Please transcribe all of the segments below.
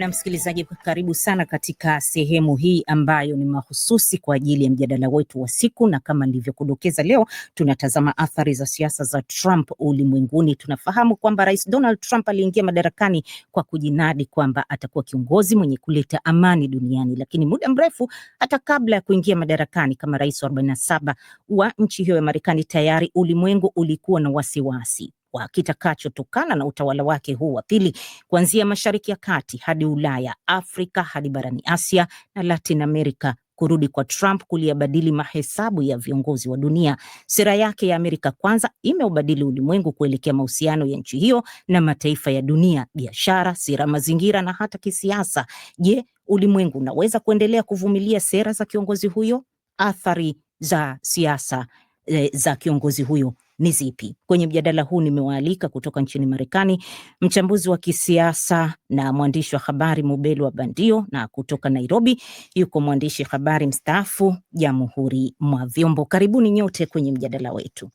na msikilizaji, karibu sana katika sehemu hii ambayo ni mahususi kwa ajili ya mjadala wetu wa siku, na kama nilivyokudokeza, leo tunatazama athari za siasa za Trump ulimwenguni. Tunafahamu kwamba Rais Donald Trump aliingia madarakani kwa kujinadi kwamba atakuwa kiongozi mwenye kuleta amani duniani, lakini muda mrefu hata kabla ya kuingia madarakani kama rais wa 47 wa nchi hiyo ya Marekani, tayari ulimwengu ulikuwa na wasiwasi kwa kitakachotokana na utawala wake huu wa pili, kuanzia Mashariki ya Kati hadi Ulaya, Afrika hadi barani Asia na Latin America. Kurudi kwa Trump kuliyabadili mahesabu ya viongozi wa dunia. Sera yake ya Amerika kwanza imeubadili ulimwengu kuelekea mahusiano ya nchi hiyo na mataifa ya dunia, biashara, sera, mazingira na hata kisiasa. Je, ulimwengu unaweza kuendelea kuvumilia sera za kiongozi huyo? Athari za siasa e, za kiongozi huyo ni zipi? Kwenye mjadala huu nimewaalika kutoka nchini Marekani mchambuzi wa kisiasa na mwandishi wa habari Mubelu wa Bandio, na kutoka Nairobi yuko mwandishi habari mstaafu Jamhuri mwa Vyombo. Karibuni nyote kwenye mjadala wetu.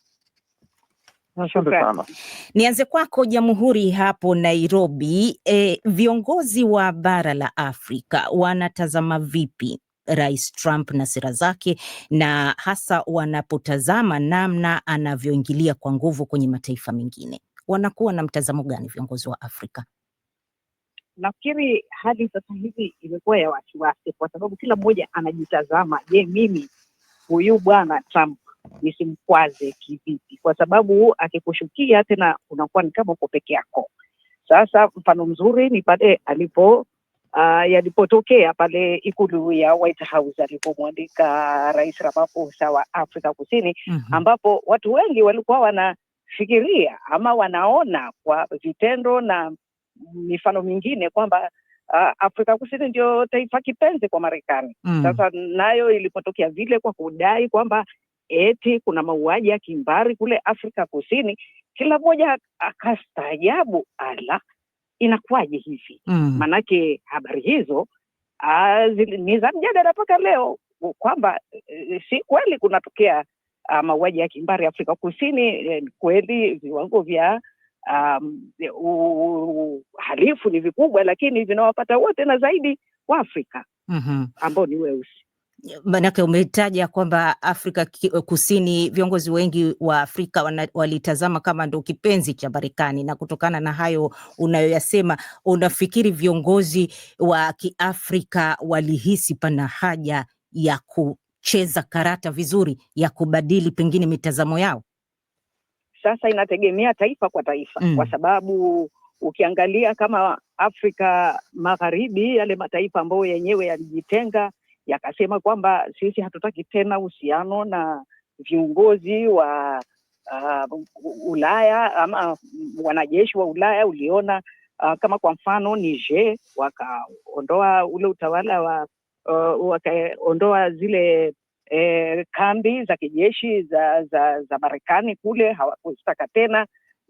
Nianze kwako Jamhuri hapo Nairobi. E, viongozi wa bara la Afrika wanatazama vipi Rais Trump na sera zake, na hasa wanapotazama namna anavyoingilia kwa nguvu kwenye mataifa mengine, wanakuwa na mtazamo gani viongozi wa Afrika? Nafikiri hali sasa hivi imekuwa ya wasiwasi, kwa sababu kila mmoja anajitazama, je, mimi huyu bwana Trump nisimkwaze kivipi? Kwa sababu akikushukia tena unakuwa ni kama uko peke yako. Sasa mfano mzuri ni pale alipo uh, yalipotokea pale ikulu ya White House alipomwandika Rais Ramaphosa wa Afrika Kusini mm -hmm. ambapo watu wengi walikuwa wanafikiria ama wanaona kwa vitendo na mifano mingine kwamba Uh, Afrika Kusini ndio taifa kipenzi kwa Marekani. Mm. Sasa nayo ilipotokea vile kwa kudai kwamba eti kuna mauaji ya kimbari kule Afrika Kusini, kila mmoja akastaajabu, ala, inakuwaje hivi? mm. Maanake habari hizo ah, ni za mjadala mpaka leo kwamba eh, si kweli kunatokea uh, mauaji ya kimbari Afrika Kusini. e, kweli viwango vya ah, uhalifu ni vikubwa, lakini vinawapata wote na zaidi wa Afrika mm -hmm. ambao ni weusi maanake umetaja kwamba Afrika Kusini, viongozi wengi wa Afrika walitazama kama ndo kipenzi cha Marekani, na kutokana na hayo unayoyasema, unafikiri viongozi wa Kiafrika walihisi pana haja ya kucheza karata vizuri ya kubadili pengine mitazamo yao? Sasa inategemea taifa kwa taifa mm. kwa sababu ukiangalia kama Afrika Magharibi, yale mataifa ambayo yenyewe yalijitenga yakasema kwamba sisi hatutaki tena uhusiano na viongozi wa uh, Ulaya ama wanajeshi wa Ulaya. Uliona uh, kama kwa mfano Niger wakaondoa ule utawala wa uh, wakaondoa zile eh, kambi za kijeshi za za, za Marekani kule, hawakuzitaka tena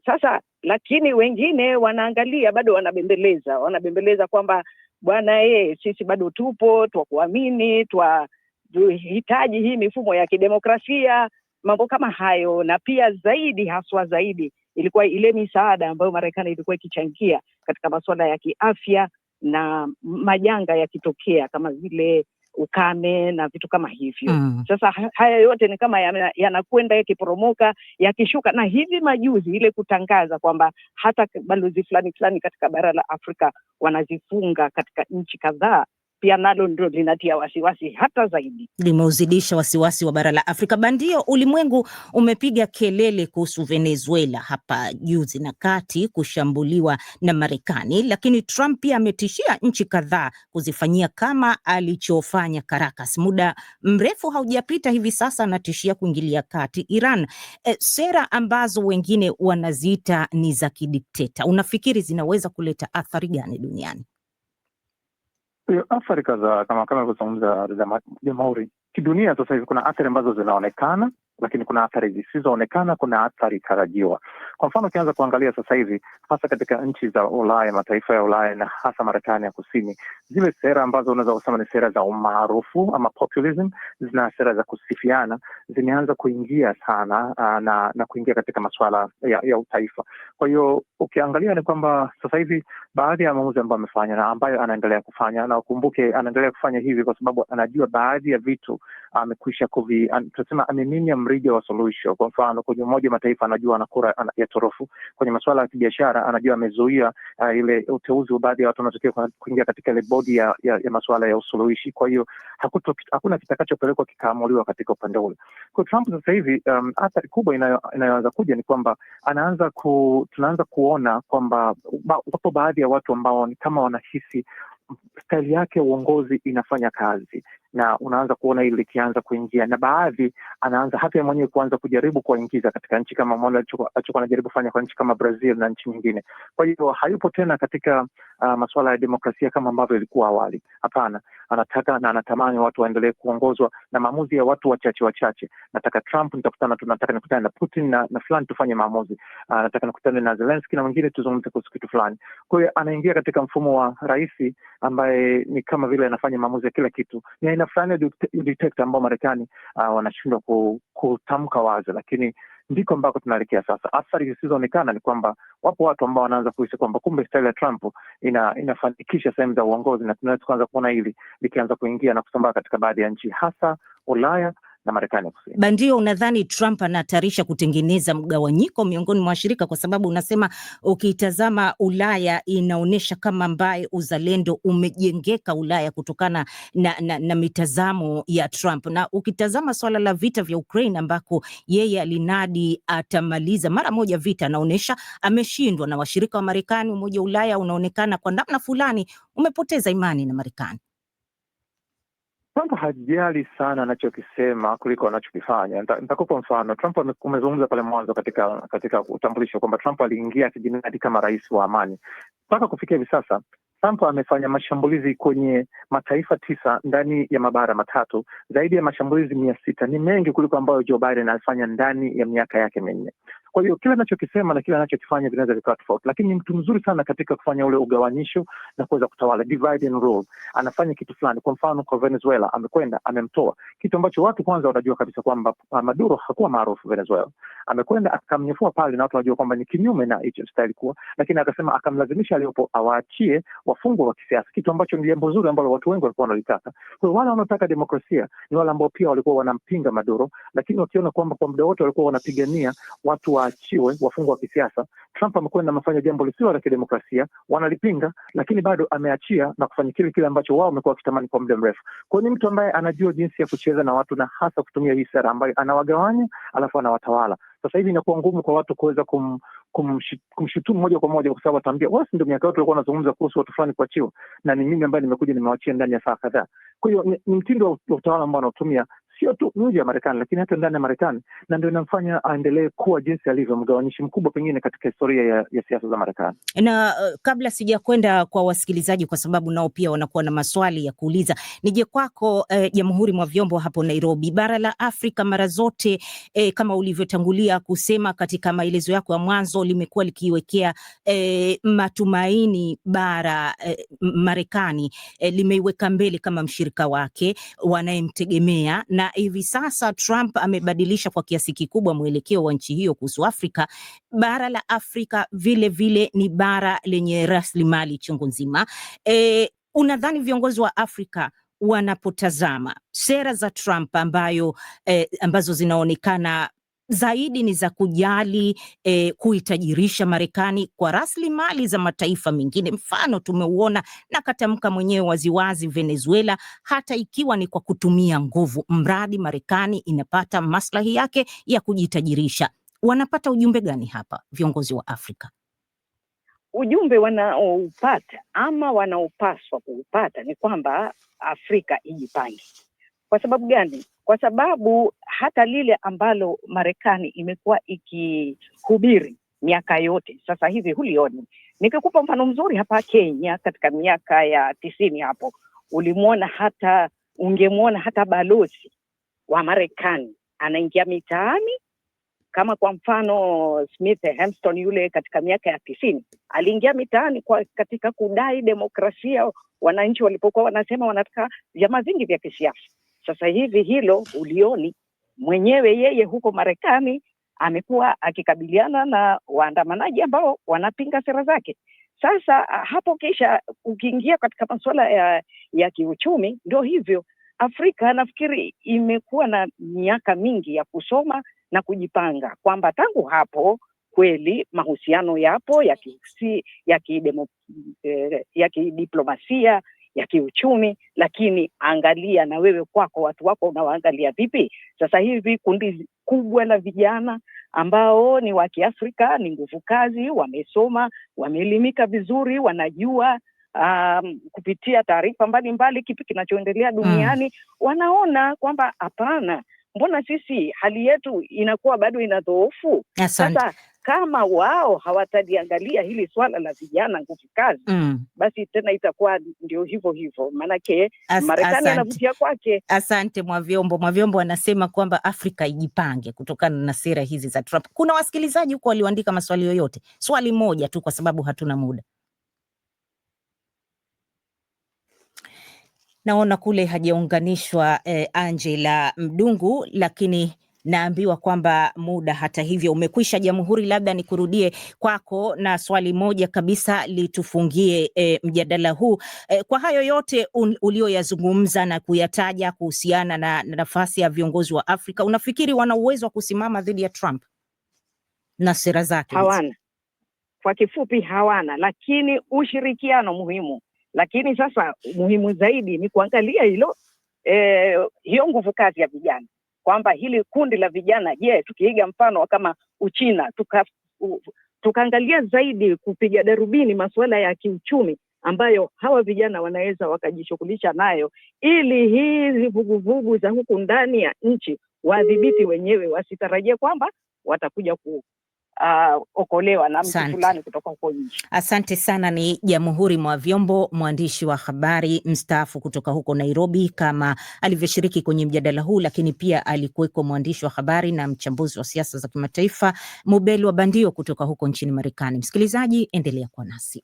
sasa. Lakini wengine wanaangalia bado, wanabembeleza wanabembeleza kwamba bwana e, sisi bado tupo, twakuamini, twahitaji hii mifumo ya kidemokrasia, mambo kama hayo. Na pia zaidi, haswa zaidi, ilikuwa ile misaada ambayo Marekani ilikuwa ikichangia katika masuala ya kiafya na majanga yakitokea kama vile ukame na vitu kama hivyo mm. Sasa haya yote ni kama yanakwenda ya yakiporomoka yakishuka, na hivi majuzi ile kutangaza kwamba hata balozi fulani fulani katika bara la Afrika wanazifunga katika nchi kadhaa pia nalo ndio linatia wasiwasi hata zaidi, limeuzidisha wasiwasi wa bara la Afrika bandio. Ulimwengu umepiga kelele kuhusu Venezuela hapa juzi na kati kushambuliwa na Marekani, lakini Trump pia ametishia nchi kadhaa kuzifanyia kama alichofanya Caracas. Muda mrefu haujapita hivi sasa anatishia kuingilia kati Iran. E, sera ambazo wengine wanaziita ni za kidikteta, unafikiri zinaweza kuleta athari gani duniani? Eh, Afrika za kama kama alivyozungumza Mauri kidunia. Sasa hivi kuna athari ambazo zinaonekana, lakini kuna athari zisizoonekana, kuna athari tarajiwa. Kwa mfano, ukianza kuangalia sasa hivi, hasa katika nchi za Ulaya, mataifa ya Ulaya na hasa Marekani ya Kusini, zile sera ambazo unaweza kusema ni sera za umaarufu ama populism, zina sera za kusifiana, zimeanza kuingia sana aa, ah, na, na kuingia katika masuala ya, ya utaifa. Kwa hiyo ukiangalia ni kwamba sasa hivi baadhi ya maamuzi ambayo amefanya na ambayo anaendelea kufanya, na ukumbuke anaendelea kufanya hivi kwa sababu anajua baadhi ya vitu amekwisha kuvi, tunasema ameminya mrija wa suluhisho. Kwa mfano kwenye Umoja wa Mataifa anajua ana kura ya torofu kwenye masuala ya kibiashara anajua amezuia uh, ile uteuzi wa baadhi ya watu wanatakiwa kuingia katika ile bodi ya, ya, ya masuala ya usuluhishi. Kwa hiyo hakuna kitakachopelekwa kikaamuliwa katika upande ule. Kwa Trump sasa hivi um, athari kubwa inayoanza inayo kuja ni kwamba anaanza ku, tunaanza kuona kwamba wapo baadhi ya watu ambao ni kama wanahisi staili yake uongozi inafanya kazi na unaanza kuona hili likianza kuingia, na baadhi anaanza hata mwenyewe kuanza kujaribu kuwaingiza katika nchi kama alichokuwa anajaribu kufanya kwa nchi kama Brazil na nchi nyingine. Kwa hiyo hayupo tena katika uh, masuala ya demokrasia kama ambavyo ilikuwa awali. Hapana, anataka na anatamani watu waendelee kuongozwa na maamuzi ya watu wachache wachache. Nataka Trump nitakutana, nataka nikutane na Putin na, na fulani tufanye maamuzi uh, nataka nikutane na Zelenski na wengine tuzungumze kuhusu kitu fulani. Kwa hiyo anaingia katika mfumo wa raisi ambaye ni kama vile anafanya maamuzi ya kila kitu. Ni aina fulani ya ambao Marekani uh, wanashindwa kutamka wazi, lakini ndiko ambako tunaelekea sasa. Athari zisizoonekana ni kwamba wapo watu ambao wanaanza kuhisi kwamba kumbe staili ya Trump ina, inafanikisha sehemu za uongozi, na tunaweza kuanza kuona hili likianza kuingia na kusambaa katika baadhi ya nchi hasa Ulaya na Marekani ya Kusini. Bandio, unadhani Trump anahatarisha kutengeneza mgawanyiko miongoni mwa washirika, kwa sababu unasema ukitazama Ulaya inaonyesha kama ambaye uzalendo umejengeka Ulaya kutokana na, na, na mitazamo ya Trump, na ukitazama swala la vita vya Ukraine ambako yeye alinadi atamaliza mara moja vita, anaonyesha ameshindwa, na washirika wa Marekani, Umoja wa Ulaya unaonekana kwa namna fulani umepoteza imani na Marekani. Trump hajali sana anachokisema kuliko anachokifanya. Nitakupa mfano. Trump umezungumza pale mwanzo katika katika utambulisho kwamba Trump aliingia kijinadi kama rais wa amani. Mpaka kufikia hivi sasa Trump amefanya mashambulizi kwenye mataifa tisa ndani ya mabara matatu, zaidi ya mashambulizi mia sita. Ni mengi kuliko ambayo Joe Biden alifanya ndani ya miaka yake minne. Kwa hiyo kile anachokisema na kile anachokifanya vinaweza vikawa tofauti, lakini ni mtu mzuri sana katika kufanya ule ugawanyisho na kuweza kutawala, divide and rule. Anafanya kitu fulani, kwa mfano kwa Venezuela amekwenda amemtoa, kitu ambacho watu kwanza wanajua kabisa kwamba ah, Maduro hakuwa maarufu Venezuela. Amekwenda akamnyefua pale, na watu wanajua kwamba ni kinyume na hicho stahili kuwa, lakini akasema, akamlazimisha aliyopo awaachie wafungwa wa kisiasa, kitu ambacho ni jambo zuri ambalo watu wengi walikuwa wanalitaka. Kwa hiyo wale wanaotaka demokrasia ni wale ambao pia walikuwa wanampinga Maduro, lakini wakiona kwamba kwa muda wote walikuwa wanapigania watu wa waachiwe wafungwa wa kisiasa. Trump amekuwa anafanya jambo lisilo la kidemokrasia, wanalipinga, lakini bado ameachia na kufanya kile kile ambacho wao wamekuwa wakitamani kwa muda mrefu. Kwao ni mtu ambaye anajua jinsi ya kucheza na watu na hasa kutumia hii sera ambayo anawagawanya alafu anawatawala. Sasa hivi inakuwa ngumu kwa watu kuweza kum, kumshutumu moja kwa moja, kwa sababu wataambia wasi, ndio miaka yote walikuwa wanazungumza kuhusu watu fulani kuachiwa, na ni mimi ambaye nimekuja nimewachia ndani ya saa kadhaa. Kwa hiyo ni mtindo wa utawala ambao anaotumia sio tu nje ya Marekani, lakini hata ndani ya Marekani, na ndio inamfanya aendelee kuwa jinsi alivyo, mgawanyishi mkubwa pengine katika historia ya, ya siasa za Marekani. Na uh, kabla kwenda kwa wasikilizaji, kwa sababu nao pia wanakuwa na maswali ya kuuliza, nije kwako eh, Jamhuri uh, mwa vyombo hapo Nairobi. Bara la Afrika mara zote eh, kama ulivyotangulia kusema katika maelezo yako ya mwanzo, limekuwa likiwekea eh, matumaini bara eh, Marekani eh, limeiweka mbele kama mshirika wake wanayemtegemea na na hivi sasa Trump amebadilisha kwa kiasi kikubwa mwelekeo wa nchi hiyo kuhusu Afrika. Bara la Afrika vile vile ni bara lenye rasilimali chungu nzima. E, unadhani viongozi wa Afrika wanapotazama sera za Trump ambayo eh, ambazo zinaonekana zaidi ni za kujali eh, kuitajirisha Marekani kwa rasilimali za mataifa mengine. Mfano tumeuona na katamka mwenyewe waziwazi Venezuela, hata ikiwa ni kwa kutumia nguvu, mradi Marekani inapata maslahi yake ya kujitajirisha. Wanapata ujumbe gani hapa viongozi wa Afrika? Ujumbe wanaoupata ama wanaopaswa kuupata ni kwamba Afrika ijipange kwa sababu gani? Kwa sababu hata lile ambalo Marekani imekuwa ikihubiri miaka yote sasa hivi hulioni. Nikikupa mfano mzuri, hapa Kenya katika miaka ya tisini hapo ulimwona hata ungemwona hata balozi wa Marekani anaingia mitaani kama kwa mfano Smith Hempston yule katika miaka ya tisini aliingia mitaani kwa katika kudai demokrasia, wananchi walipokuwa wanasema wanataka vyama vingi vya kisiasa. Sasa hivi hilo ulioni mwenyewe yeye huko Marekani amekuwa akikabiliana na waandamanaji ambao wanapinga sera zake. Sasa ah, hapo kisha ukiingia katika masuala ya, ya kiuchumi, ndio hivyo. Afrika nafikiri imekuwa na miaka mingi ya kusoma na kujipanga kwamba tangu hapo kweli mahusiano yapo ya eh, kidiplomasia ya kiuchumi, lakini angalia na wewe kwako, watu wako unawaangalia vipi? Sasa hivi kundi kubwa la vijana ambao ni wa Kiafrika ni nguvu kazi, wamesoma, wameelimika vizuri, wanajua Um, kupitia taarifa mbalimbali kipi kinachoendelea mm. duniani mm. Wanaona kwamba hapana, mbona sisi hali yetu inakuwa bado inadhoofu Sasa kama wao hawataliangalia hili swala la vijana nguvu kazi mm. basi tena itakuwa ndio hivyo hivyo, maanake Marekani anavutia kwake. Asante Mwavyombo. Mwavyombo anasema kwamba Afrika ijipange kutokana na sera hizi za Trump. Kuna wasikilizaji huko walioandika maswali yoyote, swali moja tu, kwa sababu hatuna muda. Naona kule hajaunganishwa eh, Angela Mdungu, lakini naambiwa kwamba muda hata hivyo umekwisha. Jamhuri, labda nikurudie kwako na swali moja kabisa litufungie e, mjadala huu e, kwa hayo yote ulioyazungumza na kuyataja kuhusiana na nafasi ya viongozi wa Afrika, unafikiri wana uwezo wa kusimama dhidi ya Trump na sera zake? Hawana, kwa kifupi hawana, lakini ushirikiano muhimu. Lakini sasa muhimu zaidi ni kuangalia hilo e, hiyo nguvu kazi ya vijana kwamba hili kundi la vijana je, yeah, tukiiga mfano kama Uchina tuka, u, tukaangalia zaidi kupiga darubini masuala ya kiuchumi ambayo hawa vijana wanaweza wakajishughulisha nayo, ili hizi vuguvugu za huku ndani ya nchi wadhibiti wenyewe, wasitarajie kwamba watakuja uh, okolewa na mtu fulani kutoka huko nje. Asante sana. Ni Jamhuri mwa Vyombo, mwandishi wa habari mstaafu kutoka huko Nairobi, kama alivyoshiriki kwenye mjadala huu, lakini pia alikuweko mwandishi wa habari na mchambuzi wa siasa za kimataifa Mubelwa Bandio kutoka huko nchini Marekani. Msikilizaji, endelea kuwa nasi.